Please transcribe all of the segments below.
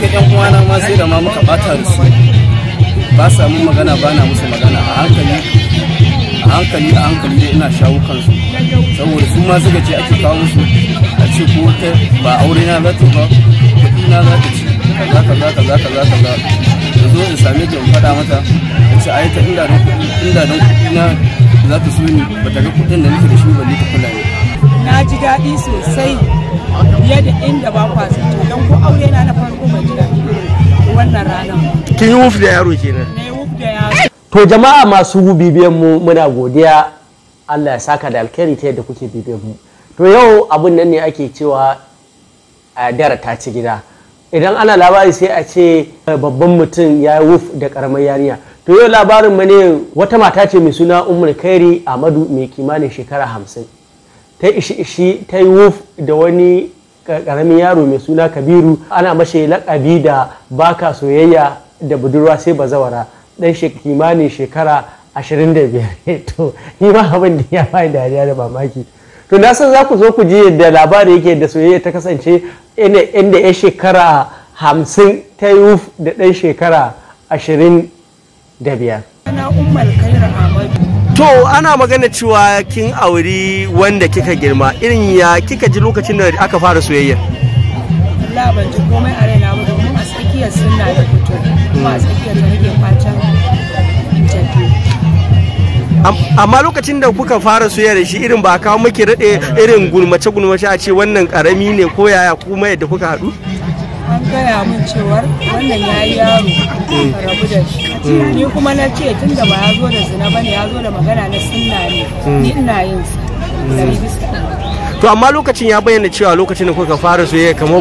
akwai yan uwana ma sai da ma muka bata da su ba sa mun magana ba na musu magana a hankali a hankali a hankali dai ina shawo kansu saboda su ma suka ce ake kawo su a ce ko ta ba aure na za ta ba kuɗi na za ta ci kaza kaza kaza kaza kaza da zo in same ta in faɗa mata a ce ai ta inda don inda don kuɗi na za ta so ni ba ta ga kuɗin da nake da shi ba ni ta kula ne na ji daɗi sosai fiye da inda ba kwa zato don kin yi da yaro kenan to jama'a masu bibiyan mu muna godiya Allah ya saka da alkhairi ta yadda kuke bibiyan mu to yau abun nan ne ake cewa a dara ta ci gida idan ana labari sai a ce eh, babban mutum ya yi wuf da karamar yarinya to yau labarin mu ne wata mata ce mai suna umar kairi amadu mai kimanin shekara hamsin ta ishi ishi ta yi wuf da wani karamin yaro mai suna kabiru ana mashi lakabi da baka soyayya da budurwa sai bazawara dan kimanin shekara 25 to ni ma abin da ya bai dariya da mamaki to na san za ku zo ku ji yadda labari yake da soyayya ta kasance inda ya shekara 50 ta yi da dan shekara 25 to ana magana cewa kin auri wanda kika girma irin ya kika ji lokacin da aka fara soyayya Allah ban ji komai a raina ba domin a tsakiyar suna da fito kuma a amma lokacin da kuka fara soya da shi irin ba kawo muke rade irin gulmace gulmace a ce wannan karami ne ko yaya kuma yadda kuka haɗu an gaya min cewar wannan ya yi yaro rabu da shi mm. ni kuma na ce tun da ba ya zo da zina bane ya zo da magana na sunna ne mm. ni ina yin mm. to amma lokacin ya bayyana cewa lokacin da kuka fara soyayya kamar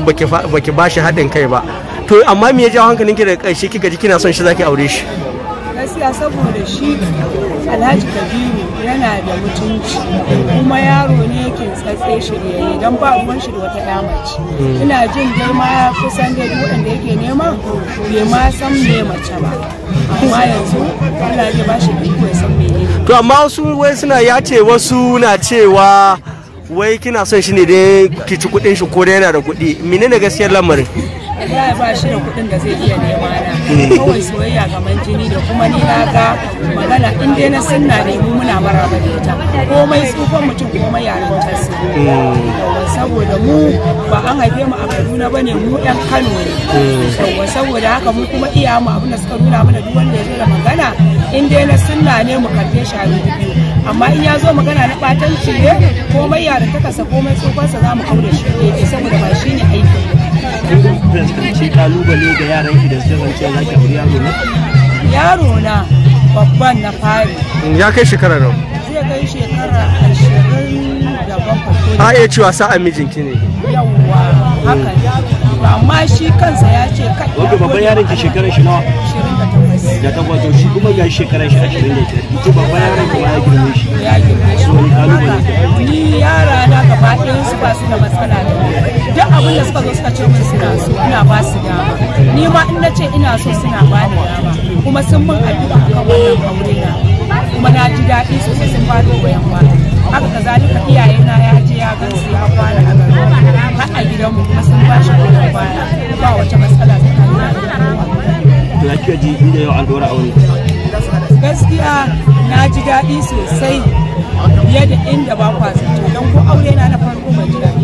baki bashi haɗin kai ba to amma me ya jawo hankalin ki da ƙarshe kika ji kina son shi zaki aure shi gaskiya saboda shi alhaji kabiru yana da mutunci kuma yaro ne ke tsatse yayi don ba uwan shi da wata damace hmm. ina jin dai ma kusan dai waɗanda yake nema bai ma san me mace ba amma yanzu Allah ya ba shi iko ya san ne. to amma wasu wai suna yace wasu na cewa wai kina son shi ne dai ki ci kuɗin shi ko dai yana da kuɗi menene gaskiyar lamarin Allah ba shi da kuɗin da zai iya nema na hmm. kawai soyayya kamar jini da kuma ni na ga magana in dai na muna maraba da ita komai tsufan mutum komai yaran tasu hmm. saboda mu ba an haife mu a Kaduna bane mu ɗan Kano ne hmm. saboda haka mu kuma iya mu abin da suka nuna mana duk wanda ya zo da magana in dai na sunna ne mu karfe amma in ya zo magana na ɓatan ne komai yaran takasa komai tsofansa za mu kaure shi gefe eh, saboda ba shi ne aiki yaro na babban na fari ya kai shekara nawa zai kai shekara ashirin da bakwai a iya cewa sa'a mijinki ne yawwa haka amma shi kansa ya ce kai wanda babban yaron ki shi nawa da takwas shi kuma ya shekarar shi ashirin da biyar babban yaron ki ya girme shi ya girme shi ni yara na gaba ɗayan su ba su da matsala wanda suka zo suka ce min suna so ina ba su dama ni ma in na ce ina so suna ba ni dama kuma sun min addu'a akan wannan aure na kuma na ji daɗi sosai sun ba da goyon baya haka kazalika iyaye na ya je ya gan su ya kwana a garo har a gidanmu kuma sun ba shi goyon baya ba wace matsala ta da kowa to ya kike ji inda yau an dora aure gaskiya na ji daɗi sosai fiye da inda ba kwa zato don ko aure na na farko ban ji daɗi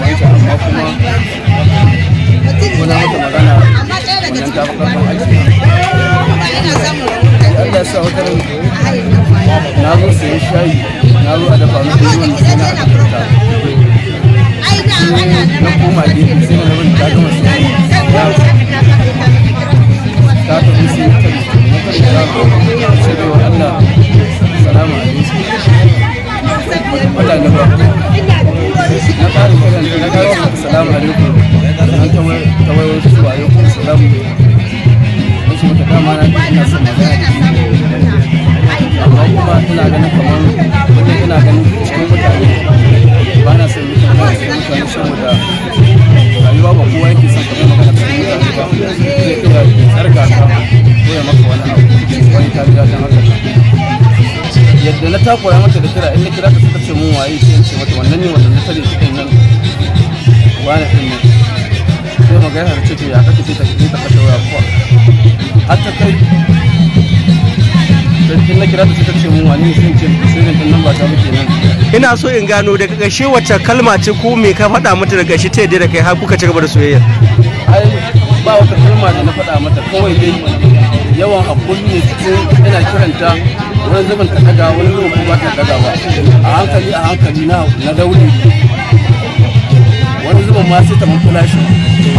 kamata amma kuma muna mata magana wannan ta fi karfin aiki Allah ya sa wata ran na zo sayan shayi na zo a dafa musu ruwan a kanta na koma gefe sai na rabin ta gama ta ta ina son na tsaya ina samun hutuna amma kuma ina ganin kamar mutum ina ganin cikin mutane ba na son mutane a cikin mutane saboda rayuwa ba kowa yake son kamar magana ta yi ba zai iya tsarka ka ko ya maka wani abu wani ta gida don haka yadda na takura mata da kira in na kira ta suka ce mun waye sai in ce mata wannan ne wannan na tare cikin nan wani ɗin ne sai magana ta ce to ya kake ta kashe waya kuwa har ta kai kira ta ta ce mun wani sun ce sirrin din nan ba ta muke nan ina so in gano daga shi wacce kalma ce ko me ka faɗa mata daga shi ta yadda da kai har kuka ci gaba da soyayya ai ba wata kalma da na faɗa mata kawai dai yawan abun ne cikin ina kiranta wani zaman ta daga wani zaman kuma ta daga ba a hankali a hankali na na daure wani zaman ma sai ta mun kula shi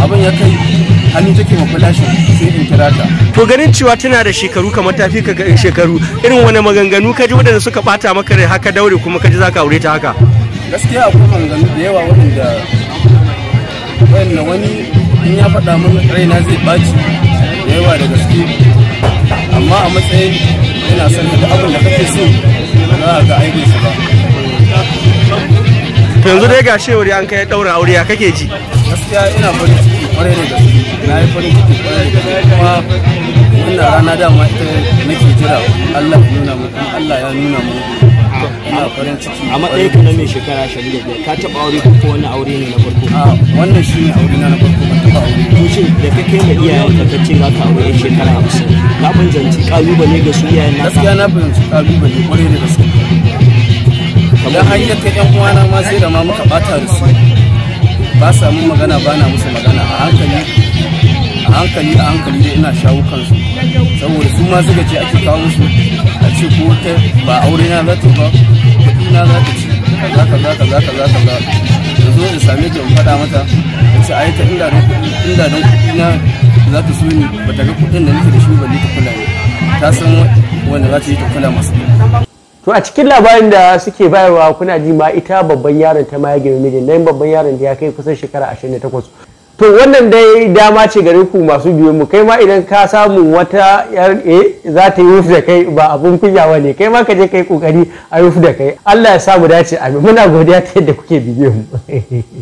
abin ya kai hannu take ma flashin sai in kira ta to ganin cewa tana da shekaru kamar tafi ka ga shekaru irin wani maganganu ka ji suka bata maka rai haka daure kuma ka ji zaka aure ta haka gaskiya akwai maganganu da yawa waɗanda waɗanda wani in ya faɗa min raina zai ɓaci da yawa da gaske amma a matsayin yana son da abin da kake so za ga aiki shi ba yanzu dai ga shewari an kai daura aure ya kake ji gaskiya ina farin ciki kwarai ne farin ciki kuma wannan rana dama ita nake jira Allah ya nuna mu kuma Allah ya nuna mu ina farin ciki a matsayin ka na mai shekara 25 ka taba aure ko wani aure ne na farko a wannan shi ne aure na na farko ban taba aure ko shin da ka kai ma iyayen ka ka ce za ka aure shekara 50 ka banjanci kalubale ga su iyayen naka gaskiya na banjanci kalubale kwarai da gaske kamar har yadda yan uwana ma sai da ma muka bata da su ba sa mun magana ba na musu magana a hankali hankali a hankali dai ina shawo kansu saboda su ma suka ce ake kawo su a ce ko wata ba aure na za ta ba kuɗi na za ta ci kaza kaza kaza kaza kaza da zo in same ta in faɗa mata in ce ai ta inda don kuɗi inda don kuɗi na za ta so ni ba ta ga kuɗin da nake da shi ba ni ta kula ne ta san wanda za ta yi ta kula masu to a cikin labarin da suke bayarwa kuna ji ma ita babban yaron ta ma ya girme mijin nan babban yaron da ya kai kusan shekara 28 to wannan dai dama ce gare ku masu biyo mu kai ma idan ka samu wata yar e za ta yi da kai ba abun kunya ne. kai ma ka je kai kokari a yi da kai Allah ya samu dace abin muna godiya ta yadda kuke bibiyo mu